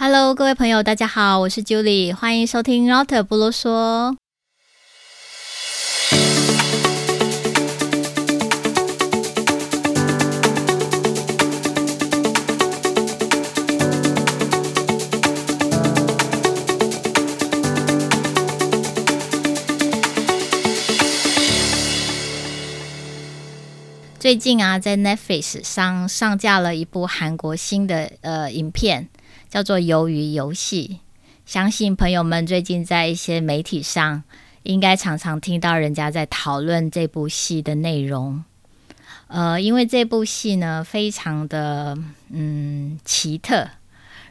Hello，各位朋友，大家好，我是 Julie，歡迎收聽《Router 不囉嗦》。最近啊，在 Netflix 上上架了一部韓國新的呃影片。叫做《魷魚遊戲》，相信朋友們最近在一些媒體上應該常常聽到人家在討論這部戲的內容。呃，因為這部戲呢非常的嗯奇特，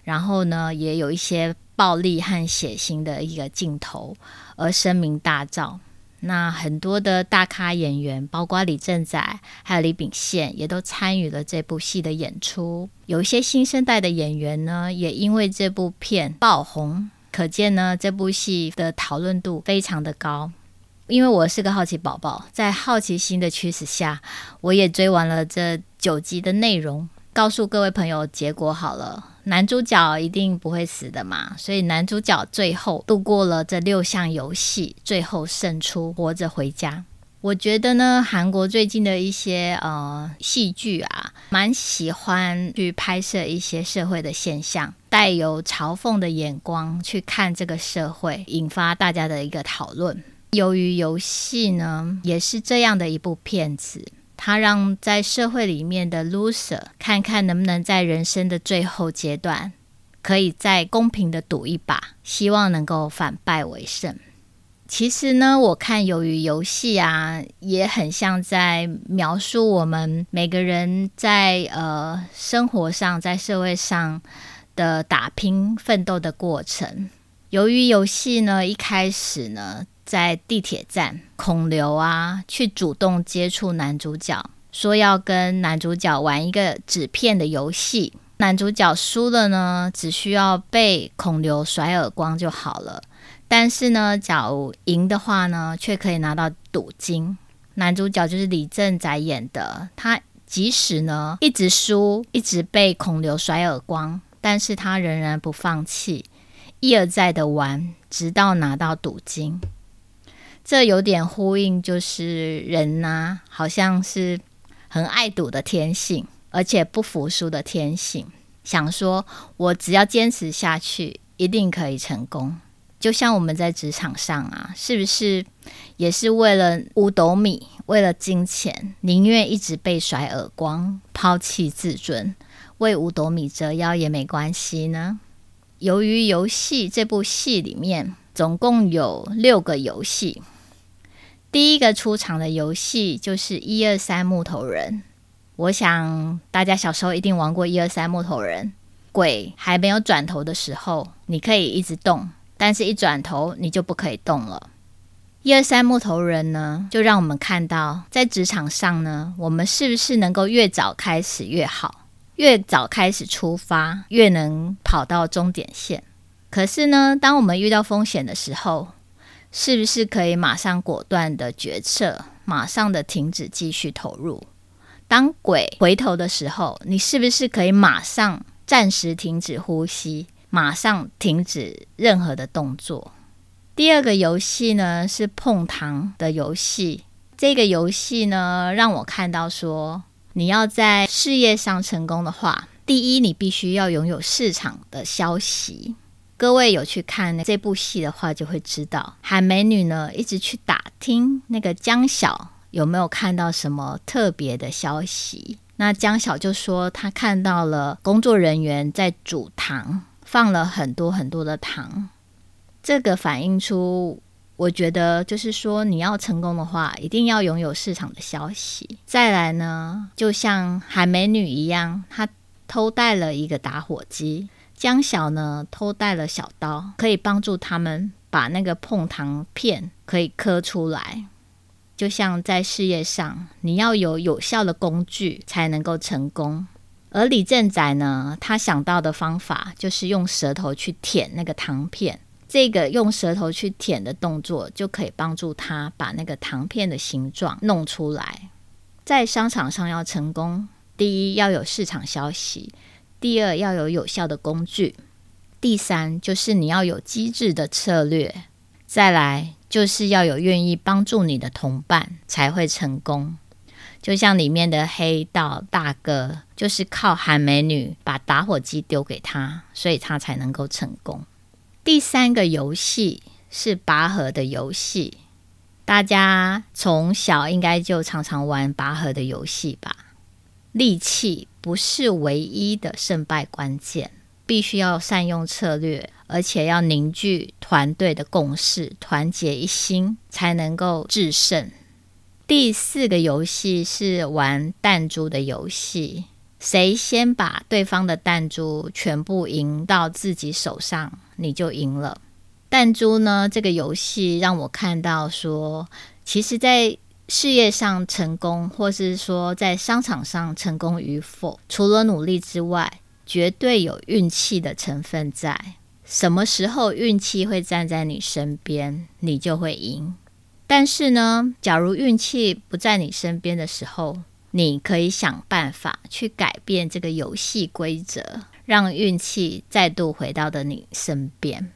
然後呢也有一些暴力和血腥的一個鏡頭，而聲名大噪。那很多的大咖演員，包括李正載、還有李秉憲，也都參與了這部戲的演出。有一些新生代的演員呢，也因為這部片爆紅。可見呢，這部戲的討論度非常的高。因為我是個好奇寶寶，在好奇心的驅使下，我也追完了這九集的內容，告訴各位朋友結果好了。男主角一定不會死的嘛，所以男主角最後度過了這六項遊戲，最後勝出，活着回家。我覺得呢，韓國最近的一些呃戲劇啊，蠻喜歡去拍攝一些社會的現象，帶有嘲諷的眼光去看這個社會，引發大家的一個討論。魷魚遊戲呢，也是這樣的一部片子。他讓在社會裡面的 loser 看看能不能在人生的最後階段，可以再公平地賭一把，希望能夠反敗為勝。其實呢，我看魷魚遊戲啊，也很像在描述我們每個人在呃生活上、在社會上的打拼奮鬥的過程。魷魚遊戲呢，一開始呢。在地鐵站，孔劉啊，去主動接觸男主角，說要跟男主角玩一個紙片的遊戲。男主角輸了呢，只需要被孔劉甩耳光就好了。但是呢，假如贏的話呢，卻可以拿到賭金。男主角就是李政宰演的，他即使呢一直輸，一直被孔劉甩耳光，但是他仍然不放棄，一而再的玩，直到拿到賭金。這有點呼應，就是人吶、啊，好像是很愛賭的天性，而且不服輸的天性。想說，我只要堅持下去，一定可以成功。就像我們在職場上啊，是不是也是為了五斗米，為了金錢，寧願一直被甩耳光，拋棄自尊，為五斗米折腰也沒關係呢？魷魚遊戲這部戲裡面總共有六個遊戲。第一個出場的遊戲就是“一二三木頭人”。我想大家小時候一定玩過“一二三木頭人”。鬼還沒有轉頭的時候，你可以一直動；但是，一轉頭，你就不可以動了。“一二三木頭人”呢，就讓我們看到，在職場上呢，我們是不是能夠越早開始越好，越早開始出發，越能跑到終點線。可是呢，當我們遇到風險的時候，是不是可以馬上果斷的決策，馬上的停止繼續投入？當鬼回頭的時候，你是不是可以馬上暫時停止呼吸，馬上停止任何的動作？第二個遊戲呢，是椪糖的遊戲。這個遊戲呢讓我看到說，你要在事業上成功的話，第一你必須要擁有市場的消息。各位有去看這部戲的話，就會知道海美女呢一直去打聽那個姜曉有沒有看到什麼特別的消息。那姜曉就說她看到了工作人員在煮糖，放了很多很多的糖。這個反映出，我覺得就是說你要成功的話，一定要擁有市場的消息。再來呢，就像海美女一樣，她偷帶了一個打火機。姜曉呢，偷帶了小刀，可以幫助他們把那個碰糖片可以磕出來。就像在事業上，你要有有效的工具才能夠成功。而李政宰呢，他想到的方法就是用舌頭去舔那個糖片。這個用舌頭去舔的動作，就可以幫助他把那個糖片的形狀弄出來。在商場上要成功，第一要有市場消息。第二要有有效的工具，第三就是你要有機智的策略，再來就是要有願意幫助你的同伴才會成功。就像裡面的黑道大哥，就是靠韓美女把打火機丟給他，所以他才能夠成功。第三個遊戲是拔河的遊戲，大家從小應該就常常玩拔河的遊戲吧。力氣不是唯一的勝敗關鍵，必須要善用策略，而且要凝聚團隊的共識，團結一心，才能夠制勝。第四個遊戲是玩彈珠的遊戲，誰先把對方的彈珠全部贏到自己手上，你就贏了。彈珠呢？這個遊戲讓我看到說，其實，在事業上成功，或是說在商場上成功與否，除了努力之外，絕對有運氣的成分在。什麼時候運氣會站在你身邊，你就會贏。但是呢，假如運氣不在你身邊的時候，你可以想辦法去改變這個遊戲規則，讓運氣再度回到的你身邊。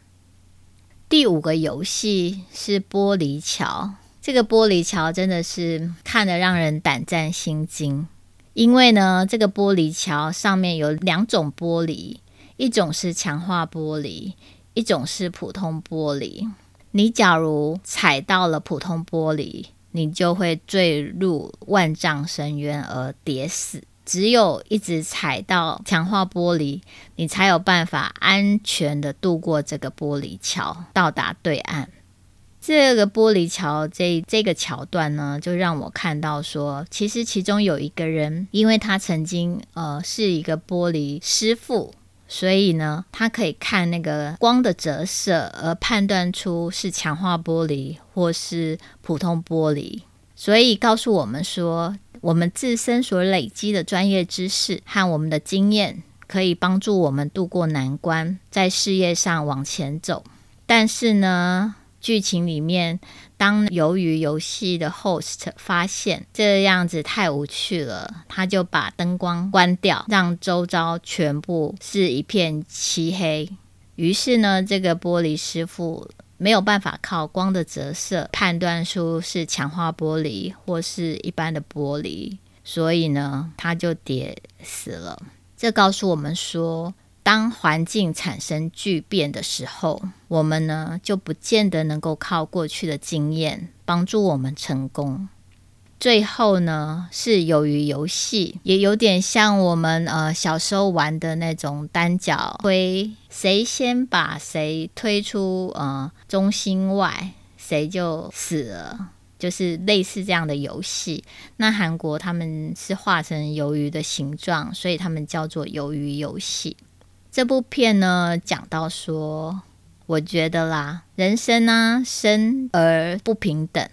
第五個遊戲是玻璃橋。這個玻璃橋真的是看得讓人膽戰心驚，因為呢，這個玻璃橋上面有兩種玻璃，一種是強化玻璃，一種是普通玻璃。你假如踩到了普通玻璃，你就會墜入萬丈深淵而跌死。只有一直踩到強化玻璃，你才有辦法安全的渡過這個玻璃橋，到達對岸。這個玻璃橋這這個橋段呢，就讓我看到說，其實其中有一個人，因為他曾經呃是一個玻璃師傅，所以呢，他可以看那個光的折射而判斷出是強化玻璃或是普通玻璃，所以告訴我們說，我們自身所累積的專業知識和我們的經驗可以幫助我們度過難關，在事業上往前走，但是呢，劇情裡面，當魷魚遊戲的 host 發現這樣子太無趣了，他就把燈光關掉，讓周遭全部是一片漆黑。於是呢，這個玻璃師傅沒有辦法靠光的折射判斷出是強化玻璃或是一般的玻璃，所以呢，他就跌死了。這告訴我們說，當環境產生巨變的時候，我們呢就不見得能夠靠過去的經驗幫助我們成功。最後呢，是魷魚遊戲，也有點像我們呃小時候玩的那種單腳推，誰先把誰推出呃中心外，誰就死了，就是類似這樣的遊戲。那韓國他們是畫成魷魚的形狀，所以他們叫做魷魚遊戲。這部片呢，講到說，我覺得啦，人生啊，生而不平等，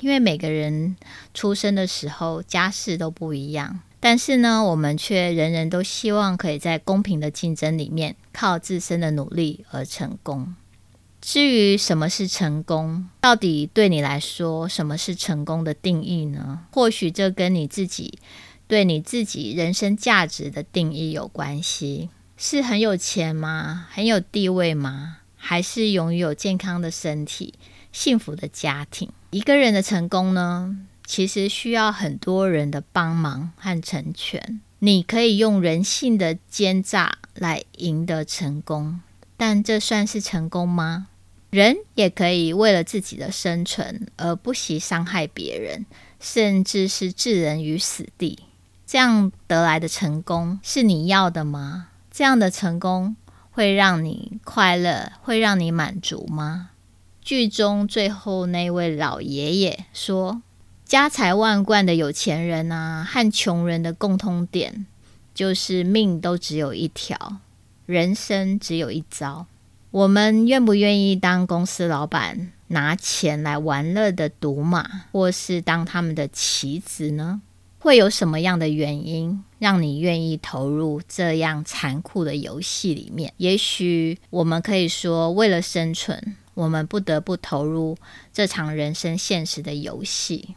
因為每個人出生的時候家世都不一樣。但是呢，我們卻人人都希望可以在公平的競爭裡面，靠自身的努力而成功。至於什麼是成功，到底對你來說，什麼是成功的定義呢？或許這跟你自己對你自己人生價值的定義有關係。是很有錢嗎？很有地位嗎？還是擁有健康的身體、幸福的家庭？一個人的成功呢，其實需要很多人的幫忙和成全。你可以用人性的奸詐來贏得成功，但這算是成功嗎？人也可以為了自己的生存而不惜傷害別人，甚至是置人於死地。這樣得來的成功是你要的嗎？這樣的成功會讓你快樂，會讓你滿足嗎？劇中最後那位老爺爺說：“家財萬貫的有錢人啊，和窮人的共通點就是命都只有一條，人生只有一遭。我們願不願意當公司老闆，拿錢來玩樂的賭馬，或是當他們的棋子呢？”會有什麼樣的原因讓你願意投入這樣殘酷的遊戲裡面？也許我們可以說，為了生存，我們不得不投入這場人生現實的遊戲。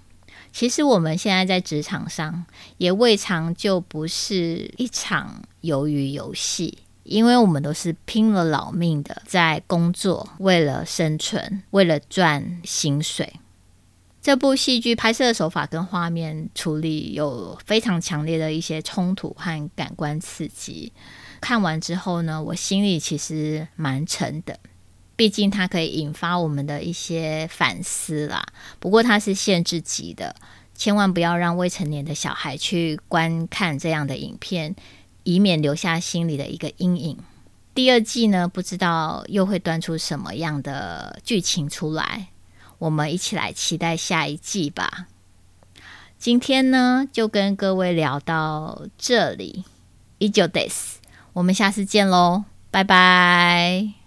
其實我們現在在職場上也未嘗就不是一場魷魚遊戲，因為我們都是拼了老命的在工作，為了生存，為了賺薪水。這部戲劇拍攝的手法跟畫面處理有非常強烈的一些衝突和感官刺激，看完之後呢，我心裡其實蠻沉的，畢竟它可以引發我們的一些反思啦。不過它是限制級的，千萬不要讓未成年的小孩去觀看這樣的影片，以免留下心理的一個陰影。第二季呢，不知道又會端出什麼樣的劇情出來。我們一起來期待下一季吧！今天呢，就跟各位聊到這裡，Ego d a s 我們下次見嘍，拜拜。